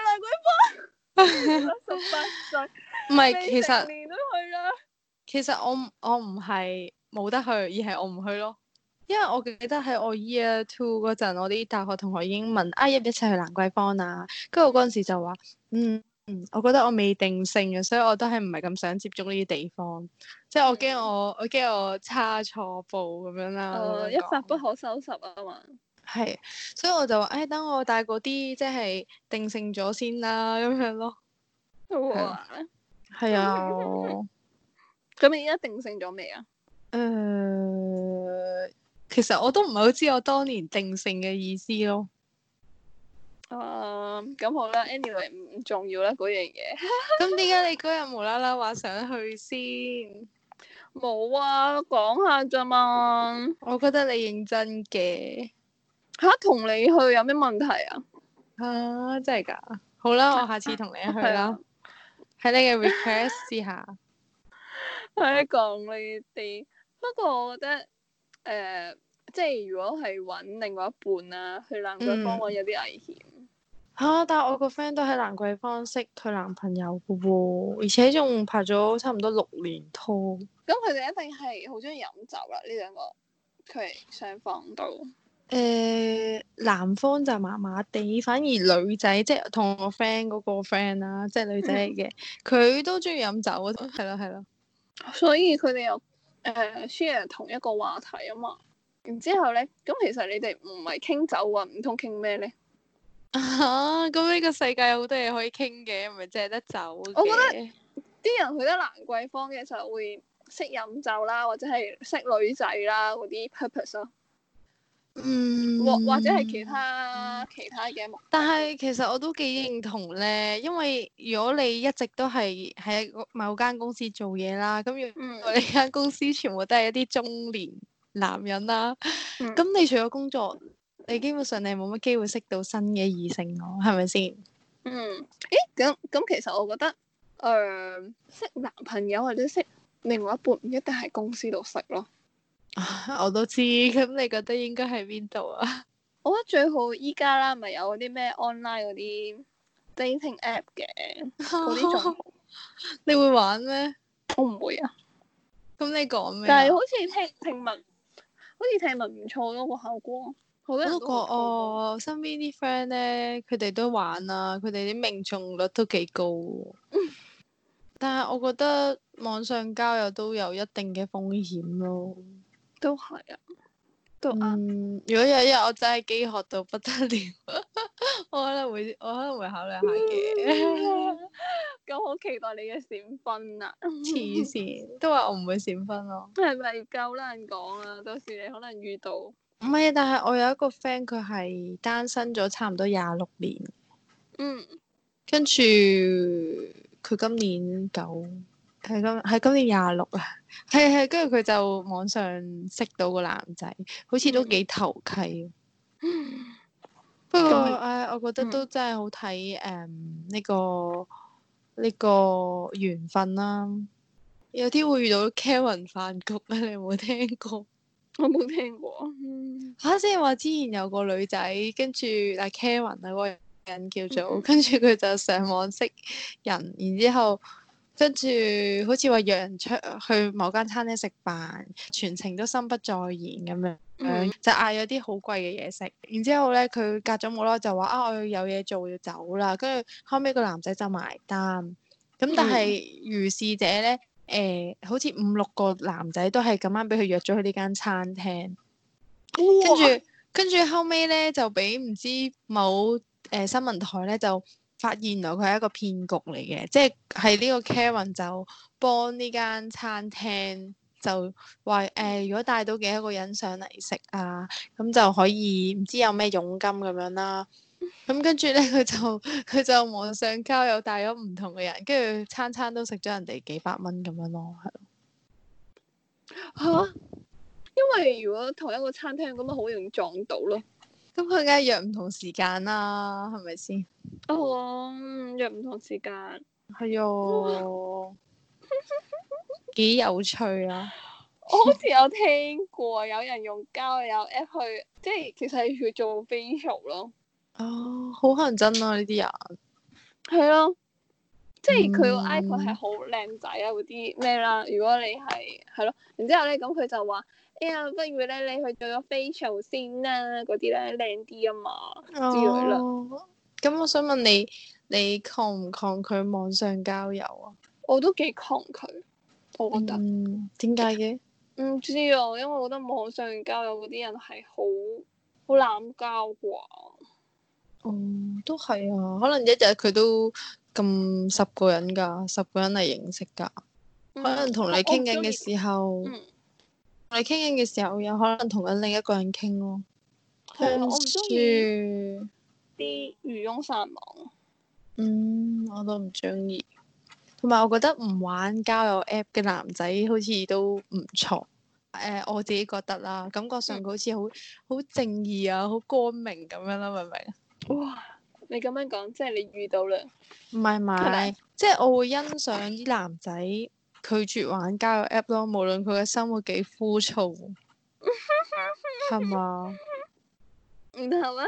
兩鬼波，十八歲。唔係，其實其實我我唔係。冇得去，而係我唔去咯。因為我記得喺我 year two 嗰陣，我啲大學同學已經問啊、哎、一一齊去蘭桂坊啊。跟住我嗰陣時就話，嗯嗯，我覺得我未定性嘅，所以我都係唔係咁想接觸呢啲地方。即係我驚我、嗯、我驚我差錯步咁樣啦、啊。哦、一發不可收拾啊嘛。係，所以我就話，誒、哎，等我帶嗰啲即係定性咗先啦，咁樣咯。哇！係啊。咁 你而家定性咗未啊？誒，uh, 其實我都唔係好知我當年定性嘅意思咯。啊、uh，咁好啦，anyway 唔重要啦，嗰樣嘢。咁點解你嗰日無啦啦話想去先？冇啊，講下咋嘛？我覺得你認真嘅。吓，同你去有咩問題啊？吓，uh, 真係噶。好啦，我下次同你去啦。喺 你嘅 request 之下。喺講你哋。不過我覺得，誒、呃，即係如果係揾另外一半啦、啊，去蘭桂坊我有啲危險嚇、嗯啊。但係我個 friend 都喺蘭桂坊識佢男朋友嘅喎、哦，而且仲拍咗差唔多六年拖。咁佢哋一定係好中意飲酒啦。呢兩個佢雙方都誒男方就麻麻地，反而女仔即係同我 friend 嗰個 friend 啊，即、就、係、是、女仔嚟嘅，佢、嗯、都中意飲酒啊，係咯係咯。 所以佢哋又～誒、uh, share 同一個話題啊嘛，然之後咧，咁其實你哋唔係傾酒啊，唔通傾咩咧？咁呢、啊呢個世界有好多嘢可以傾嘅，唔係淨係得酒。我覺得啲人去得蘭桂坊嘅時候會識飲酒啦，或者係識女仔啦嗰啲 purpose 咯。嗯，或或者係其他、嗯、其他嘅，但係其實我都幾認同咧，因為如果你一直都係喺某間公司做嘢啦，咁如果呢間公司全部都係一啲中年男人啦，咁、嗯、你除咗工作，你基本上你冇乜機會識到新嘅異性咯，係咪先？嗯，誒、欸，咁咁其實我覺得誒、呃、識男朋友或者識另外一半，唔一定係公司度識咯。 我都知，咁你覺得應該喺邊度啊？我覺得最好依家啦，咪有嗰啲咩 online 嗰啲 dating app 嘅嗰啲仲， 你會玩咩？我唔會啊。咁你講咩、啊？但係好似聽聽聞，好似聽聞唔錯咯，個效果。我都覺得我覺得、哦、身邊啲 friend 咧，佢哋都玩啊，佢哋啲命中率都幾高、啊。 但係我覺得網上交友都有一定嘅風險咯。都係啊，都啊、嗯。如果有一日我真係飢渴到不得了， 我可能會我可能會考慮下嘅。咁 好 期待你嘅閃婚啊！黐 線，都話我唔會閃婚咯、啊。係咪夠難講啊？到時你可能遇到。唔係啊，但係我有一個 friend，佢係單身咗差唔多廿六年。嗯。跟住佢今年九。喺今係今年廿六啊，係 係，跟住佢就網上識到個男仔，mm hmm. 好似都幾投契。 不過，唉、哎，我覺得都真係好睇誒，呢、um, 這個呢、這個緣分啦、啊。有啲會遇到 Kevin 飯局咧、啊，你有冇聽過？我冇聽過。吓、 啊，即係話之前有個女仔，跟住但 Kevin 啊，Karen, 個人叫做，mm hmm. 跟住佢就上網上識人，然後之後。跟住好似話約人出去某間餐廳食飯，全程都心不在焉咁樣，mm hmm. 就嗌咗啲好貴嘅嘢食。然之後咧，佢隔咗冇耐就話啊，我要有嘢做，要走啦。跟住後尾個男仔就埋單。咁但係如是者咧，誒、mm hmm. 呃、好似五六個男仔都係咁啱俾佢約咗去呢間餐廳、oh, wow。跟住跟住後尾咧就俾唔知某誒、呃、新聞台咧就。發現原來佢係一個騙局嚟嘅，即係係呢個 Kevin 就幫呢間餐廳就話誒、呃，如果帶到幾多個人上嚟食啊，咁就可以唔知有咩佣金咁樣啦。咁跟住咧，佢就佢就網上交友，帶咗唔同嘅人，跟住餐餐都食咗人哋幾百蚊咁樣咯，係咯、啊、因為如果同一個餐廳咁，咪好容易撞到咯。咁佢梗係約唔同時間啦，係咪先？哦，約唔同時間。係喲喻。幾哇有趣啊！我好似有聽過有人用交友 app 去， 即係其實佢做 facial 咯。哦，好乞人憎啊！呢啲人。係咯，即係佢個 iPhone 係好靚仔啊，嗰啲咩啦？如果你係係咯，然之後咧，咁佢就話。哎呀，不如咧，你去做個 facial 先啦，啊，嗰啲咧靚啲啊嘛，之類啦。咁、哦嗯、我想問你，你抗唔抗拒網上交友啊？我都幾抗拒，我覺得。點解嘅？唔知啊，因為我覺得網上交友嗰啲人係好好濫交啩。哦、嗯，都係啊，可能一日佢都咁十個人㗎，十個人嚟認識㗎，嗯、可能同你傾緊嘅時候。嗯我哋傾緊嘅時候，有可能同緊另一個人傾咯、哦。係啊的，我唔中意啲漁翁撒網。嗯，我都唔中意。同埋我覺得唔玩交友 app 嘅男仔好似都唔錯。誒、呃，我自己覺得啦，感覺上好似、嗯、好好正義啊，好光明咁樣啦，明唔明？哇！你咁樣講，即係你遇到啦。唔係嘛？係吧，即係我會欣賞啲男仔。拒絕玩交友 app 咯，無論佢嘅生活幾枯燥，係嘛 吧？然後咧，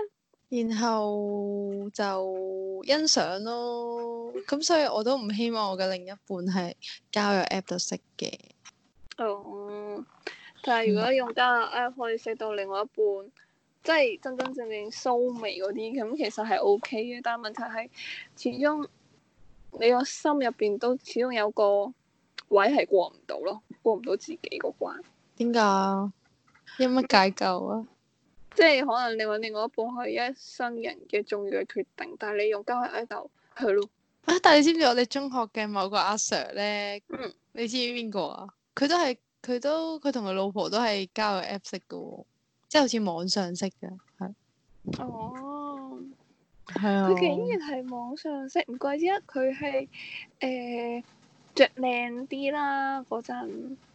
然後就欣賞咯。咁 所以我都唔希望我嘅另一半係交友 app 度識嘅。哦、嗯，但係如果用交友 app 可以識到另外一半， 即係真真正正 soulmate 嗰啲，咁其實係 OK 嘅。但係問題係，始終你個心入邊都始終有個。位係過唔到咯，過唔到自己個關。點解？有乜解救啊？嗯、即係可能你話另外一半係一生人嘅重要嘅決定，但係你用交友 App 係咯。啊！但係你知唔知我哋中學嘅某個阿 Sir 咧？嗯、你知唔知邊個啊？佢都係，佢都佢同佢老婆都交係交友 App 識嘅，即係好似網上識嘅，係。哦。係啊。佢竟然係網上識，唔怪之得佢係誒。呃着靚啲啦嗰陣，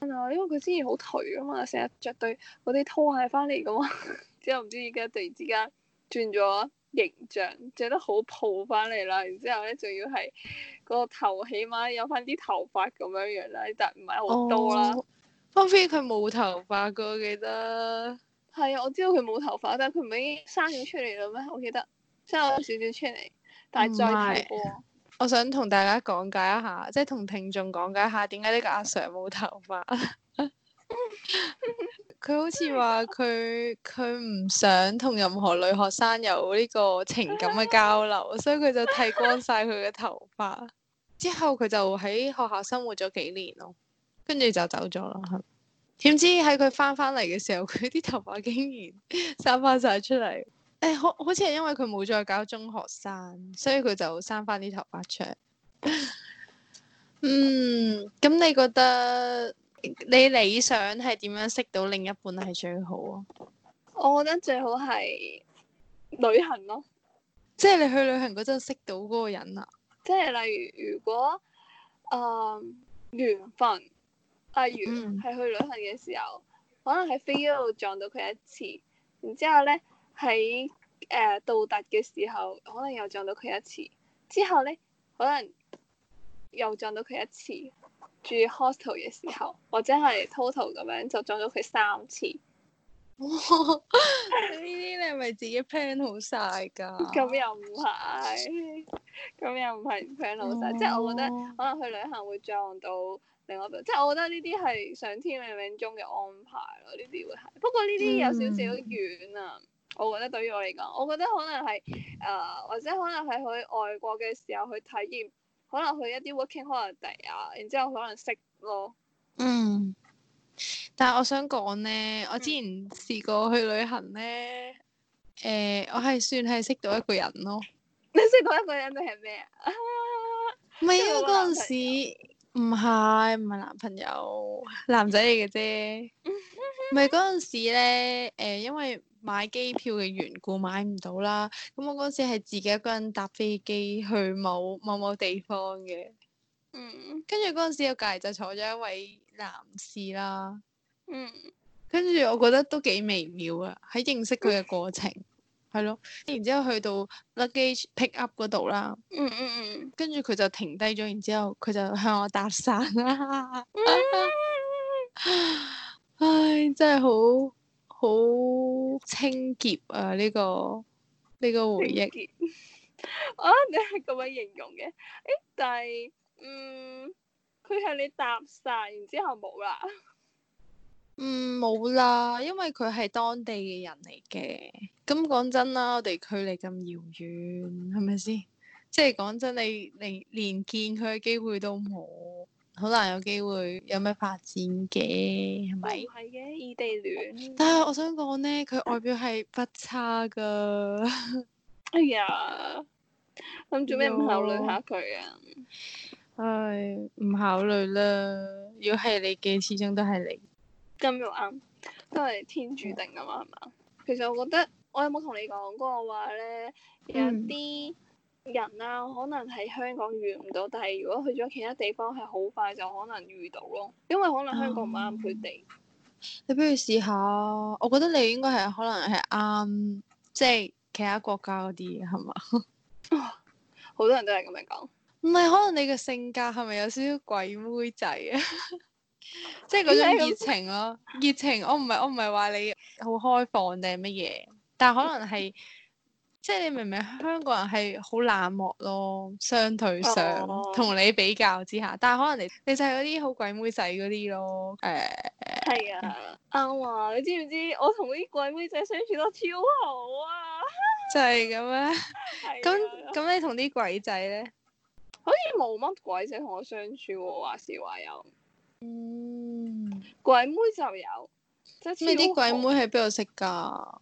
因為佢之前好頹啊嘛，成日着對嗰啲拖鞋翻嚟噶嘛， 之後唔知而家突然之間轉咗形象，着得好抱翻嚟啦，然之後咧仲要係個頭起碼有翻啲頭髮咁樣樣啦，但唔係好多啦。Oh, 方 i 佢冇頭髮噶，我記得，係啊，我知道佢冇頭髮，但係佢唔係已經生咗出嚟啦咩？我記得生咗少少出嚟，的但係再長過。我想同大家講解一下，即係同聽眾講解一下點解呢個阿 sir 冇頭髮。佢 好似話佢佢唔想同任何女學生有呢個情感嘅交流，所以佢就剃光晒佢嘅頭髮。之後佢就喺學校生活咗幾年咯，跟住就走咗啦。係。點知喺佢翻翻嚟嘅時候，佢啲頭髮竟然生翻晒出嚟。誒、哎，好好似係因為佢冇再搞中學生，所以佢就生翻啲頭髮出嚟。 嗯，咁你覺得你理想係點樣識到另一半係最好啊？我覺得最好係旅行咯，啊。即係你去旅行嗰陣識到嗰個人啊？即係例如如果誒緣、呃、分，例如係去旅行嘅時候，嗯、可能喺飛機度撞到佢一次，然之後咧。喺誒到達嘅時候，可能又撞到佢一次。之後咧，可能又撞到佢一次。住 hostel 嘅時候，或者係 total 咁樣就撞到佢三次。哇！呢啲你係咪自己 plan 好晒㗎？咁 又唔係，咁又唔係 plan 好晒。哦、即係我覺得可能去旅行會撞到另外一個，一即係我覺得呢啲係上天冥冥中嘅安排咯。呢啲會係，不過呢啲有少，少少遠啊。嗯我覺得對於我嚟講，我覺得可能係誒、呃，或者可能係去外國嘅時候去體驗，可能去一啲 working holiday 啊，然之後可能識咯。嗯，但係我想講咧，我之前試過去旅行咧，誒、嗯欸，我係算係識到一個人咯。你 識到一個人係咩啊？唔係啊，嗰陣時唔係唔係男朋友，男仔嚟嘅啫。唔係嗰陣時咧，誒、呃，因為，買機票嘅緣故買唔到啦，咁我嗰時係自己一個人搭飛機去某某某地方嘅，嗯，跟住嗰陣時我隔籬就坐咗一位男士啦，嗯，跟住我覺得都幾微妙啊，喺認識佢嘅過程，係、嗯、咯，然之後去到 luggage pick up 嗰度啦，嗯嗯嗯，跟住佢就停低咗，然之後佢就向我搭訕啦，啊嗯、唉，真係好。好清潔啊！呢、這個呢、這個回憶清潔 啊，你係咁樣形容嘅？誒、哎，但係，嗯，佢係你搭晒，然之後冇啦。 嗯，冇啦，因為佢係當地嘅人嚟嘅。咁講真啦，我哋距離咁遙遠，係咪先？即係講真，你你連見佢嘅機會都冇。好難有機會有咩發展嘅係咪？唔係嘅異地戀。但係我想講咧，佢外表係不差噶。 哎呀，咁做咩唔考慮下佢啊？唉，唔考慮啦。如果係你嘅，始終都係你。金玉啱，都係天注定噶嘛？係嘛、嗯？其實我覺得，我有冇同你講過話咧？有啲。嗯人啊，可能喺香港遇唔到，但係如果去咗其他地方，係好快就可能遇到咯。因為可能香港唔啱佢哋。你不如試下，我覺得你應該係可能係啱，即、嗯、係、就是、其他國家嗰啲，係嘛？好、哦、多人都係咁樣講。唔係，可能你嘅性格係咪有少少鬼妹仔啊？即係嗰種熱情咯、啊，熱 情。我唔係我唔係話你好開放定係乜嘢，但係可能係。 即係你明唔明，香港人係好冷漠咯，相對上同、oh. 你比較之下，但係可能你你就係嗰啲好鬼妹仔嗰啲咯。誒，係啊，阿華！你知唔知我同啲鬼妹仔相處得超好啊？ 就係嘅咩？咁咁 Yeah. 你同啲鬼仔咧？好似冇乜鬼仔同我相處、啊，話時話有。嗯，mm. 鬼妹就有。即咁你啲鬼妹喺邊度識噶？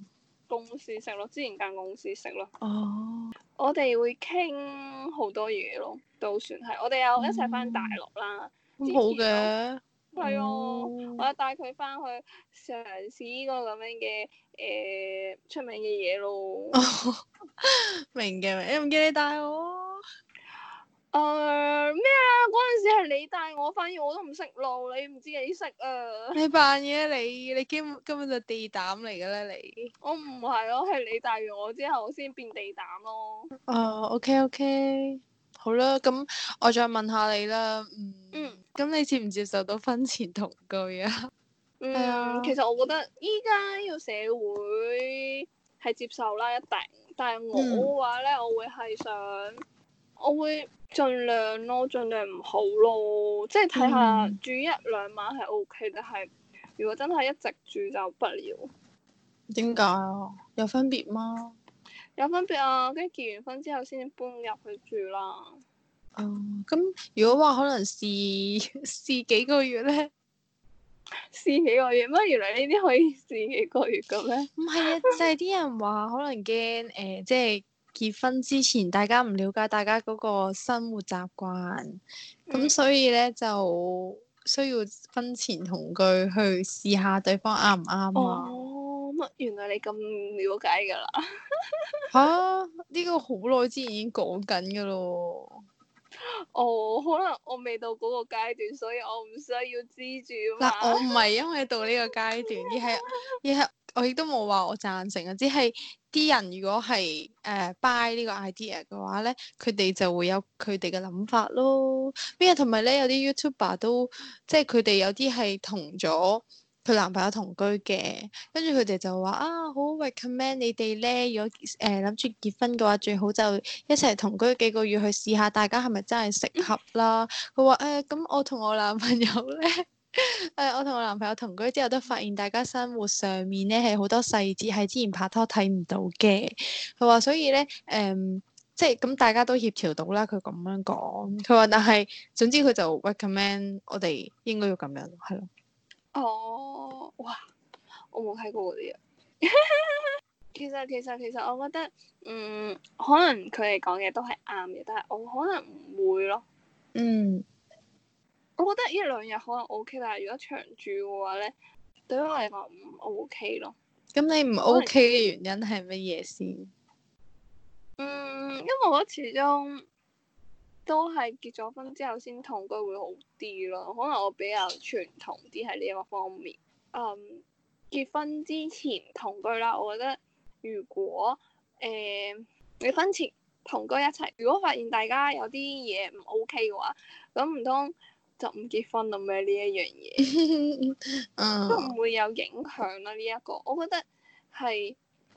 公司食咯，之前間公司食咯。哦，oh. 我哋會傾好多嘢咯，都算係。我哋有一齊翻大陸啦。好嘅、oh. 係啊、oh.，我又帶佢翻去嘗試依個咁樣嘅誒、呃、出名嘅嘢咯。Oh. 明嘅明，唔記得你帶我。誒咩、uh, 啊？嗰陣時係你帶我，反而我都唔識路，你唔知幾識啊！你扮嘢、啊，你，你根本根本就地膽嚟㗎咧！你我唔係咯，係你帶完我之後，先變地膽咯。哦、uh,，OK OK，好啦，咁我再問下你啦。嗯，咁、嗯、你接唔接受到婚前同居啊？ 嗯， 其實我覺得依家呢個社會係接受啦，一定。但係我嘅話咧，嗯、我會係想。我會盡量咯，盡量唔好咯，即係睇下、嗯、住一兩晚係 O K，但係如果真係一直住就不了。點解啊？有分別嗎？有分別啊！跟住結完婚之後先搬入去住啦。哦、嗯，咁、嗯、如果話可能試試幾個月咧，試幾個月？乜原來呢啲可以試幾個月噉咧。唔係啊，即係啲人話可能驚誒，即、呃、係。就是結婚之前，大家唔了解大家嗰個生活習慣，咁所以咧、嗯、就需要婚前同居去試下對方啱唔啱啊！哦，乜原來你咁了解㗎啦？吓、 啊？呢、呢個好耐之前已經講緊㗎咯～我、哦、可能我未到嗰個階段，所以我唔需要知住嘛。但我唔係因為到呢個階段， 而係而係我亦都冇話我贊成啊。只係啲人如果係誒、呃、buy 個呢個 idea 嘅話咧，佢哋就會有佢哋嘅諗法咯。因為同埋咧，有啲 YouTuber 都即係佢哋有啲係同咗。佢男朋友同居嘅，跟住佢哋就話啊，好 recommend 你哋咧，如果誒諗住結婚嘅話，最好就一齊同居幾個月去試下，大家係咪真係適合啦？佢話誒，咁、哎、我同我男朋友咧誒、哎，我同我男朋友同居之後都發現，大家生活上面咧係好多細節係之前拍拖睇唔到嘅。佢話所以咧誒、嗯，即係咁大家都協調到啦。佢咁樣講，佢話但係總之佢就 recommend 我哋應該要咁樣，係咯。哦，哇！我冇睇過嗰啲啊。其實其實其實，我覺得嗯，可能佢哋講嘅都係啱嘅，但係我可能唔會咯。嗯，我覺得一兩日可能 OK，但係如果長住嘅話咧，對我嚟講唔 O K 咯。咁你唔 O K 嘅原因係乜嘢先？嗯，因為我始終。都係結咗婚之後先同居會好啲咯，可能我比較傳統啲喺呢一個方面。嗯，結婚之前同居啦，我覺得如果誒你、欸、婚前同居一齊，如果發現大家有啲嘢唔 OK 嘅話，咁唔通就唔結婚喇咩？呢一樣嘢 都唔會有影響啦、啊。呢一個我覺得係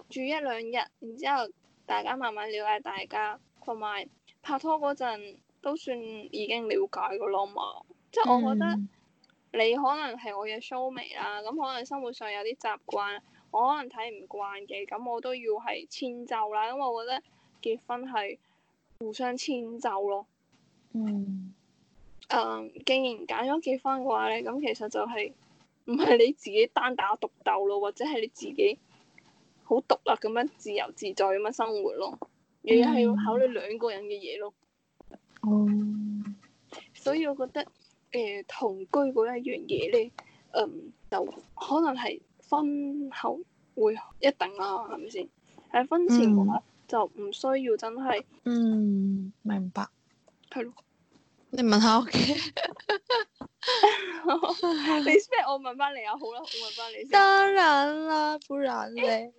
住一兩日，然之後大家慢慢了解大家，同埋拍拖嗰陣。都算已經了解噶咯嘛，即係我覺得、嗯、你可能係我嘅 show 味啦，咁可能生活上有啲習慣，我可能睇唔慣嘅，咁我都要係遷就啦，因為我覺得結婚係互相遷就咯。嗯。Uh, 既然揀咗結婚嘅話咧，咁其實就係唔係你自己單打獨鬥咯，或者係你自己好獨立咁樣自由自在咁樣生活咯，亦係要考慮兩個人嘅嘢咯。哦，嗯、所以我覺得誒、呃，同居嗰一樣嘢咧，嗯，就可能係婚後會一定啦，啊，係咪先？喺婚前嘅話就唔需要真係。嗯，明白。係咯。你問下我嘅、哦，你先，我問翻你啊，好啦，我問翻你先。當然啦、啊，不然咧，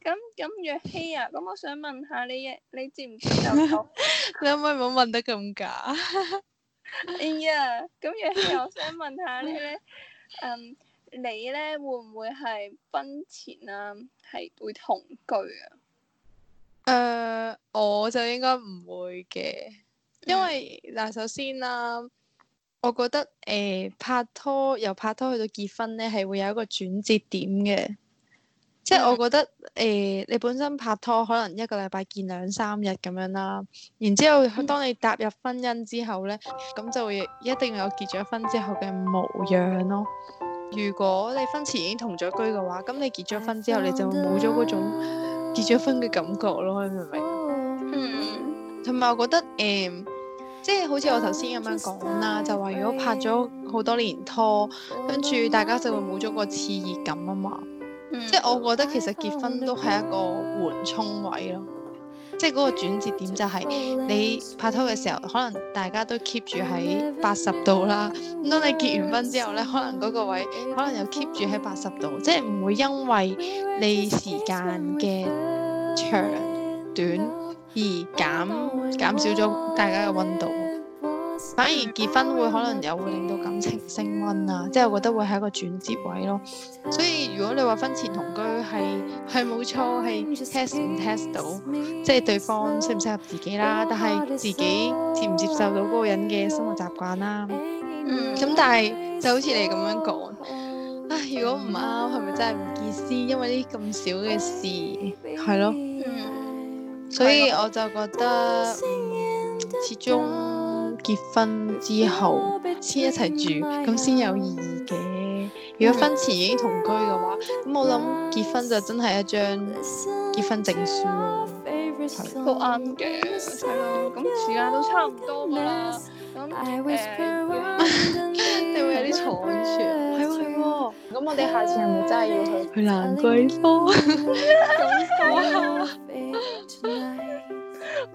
誒，咁咁若曦啊，咁我想問下你，你知唔知有？你可唔可以唔好問得咁假？哎、啊、呀，咁若曦，我想問下你咧，嗯，你咧會唔會係婚前啊，係會同居啊？誒、呃，我就應該唔會嘅。因為嗱，首先啦，我覺得誒、呃，拍拖由拍拖去到結婚咧，係會有一個轉折點嘅。嗯、即係我覺得誒、呃，你本身拍拖可能一個禮拜見兩三日咁樣啦，然之後當你踏入婚姻之後咧，咁就會一定有結咗婚之後嘅模樣咯。如果你婚前已經同咗居嘅話，咁你結咗婚之後，你就冇咗嗰種結咗婚嘅感覺咯，你明唔明？嗯。同埋我覺得誒，即係好似我頭先咁樣講啦，就話、是、如果拍咗好多年拖，跟住大家就會冇咗個熾熱感啊嘛。嗯、即係我覺得其實結婚都係一個緩衝位咯，即係嗰個轉折點就係、是、你拍拖嘅時候，可能大家都 keep 住喺八十度啦。咁當你結完婚之後呢，可能嗰個位可能又 keep 住喺八十度，即係唔會因為你時間嘅長短。而減減少咗大家嘅温度，反而結婚會可能又會令到感情升温啊！即係我覺得會係一個轉折位咯。所以如果你話婚前同居係係冇錯，係 test 唔 test 到，即係對方適唔適合自己啦，但係自己接唔接受到嗰個人嘅生活習慣啦。嗯，咁但係就好似你咁樣講，唉，如果唔啱，係咪真係唔結婚？因為啲咁少嘅事，係咯。嗯。所以我就覺得，始終結婚之後先一齊住，咁先有意義嘅。如果婚前已經同居嘅話，咁我諗結婚就真係一張結婚證書咯，好硬嘅，係咯。咁時間都差唔多㗎啦。即係會有啲闖泉，係係喎。咁對話我哋下次係咪真係要去去蘭桂坊？咁啊！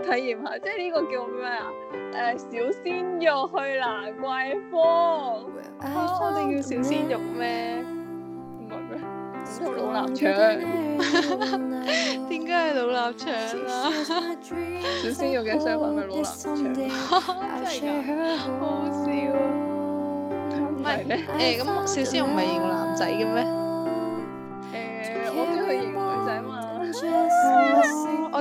體驗下，即係呢個叫咩啊？誒，小鮮肉去蘭桂坊？Oh, 我哋叫小鮮肉咩？老臘腸，點解係老臘腸啊？小鮮肉嘅商品係老臘腸，真係噶，好笑。唔係咩？誒，咁小鮮肉唔係型男仔嘅咩？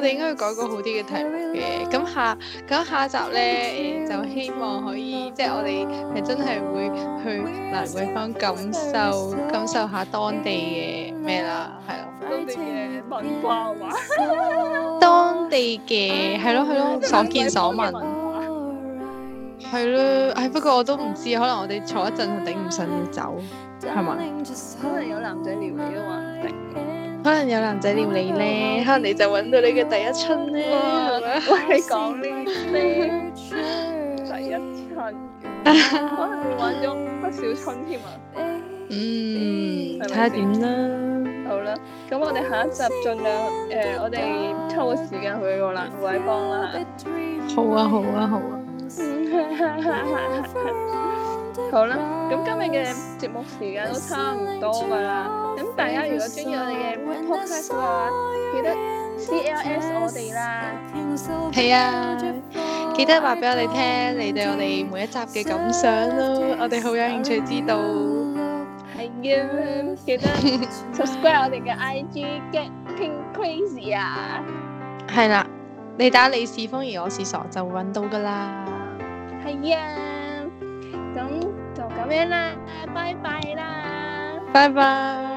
我哋應該要改個好啲嘅題目嘅，咁下咁下集咧誒，就希望可以即係我哋係真係會去蘭桂坊感受感受下當地嘅咩啦，係咯，當地嘅文化啊，當地嘅係咯係咯所見所聞，係咯，唉不過我都唔知，可能我哋坐一陣就頂唔順要走，係嘛？可能有男仔撩你，啊嘛。可能有男仔撩你呢？Oh, 可能你就揾到你嘅第一春咧。喂，你講呢呢第一春，可能你揾咗不少春添啊。嗯，睇下點啦。好啦，咁我哋下一集盡量誒，我哋抽個時間去個男仔幫啦。好啊，好啊，好啊。 好啦，咁今日嘅節目時間都差唔多噶啦。咁、嗯、大家如果中意我哋嘅 podcast 嘅話，記得 CLS 我哋啦。係啊，記得話俾我哋聽你對我哋每一集嘅感想咯，我哋好有興趣知道。係 啊，記得 subscribe 我哋嘅 IG get crazy 啊。係啦，你打你是風兒，我是傻就搵到噶啦。係啊。冇啦，拜拜啦，拜拜。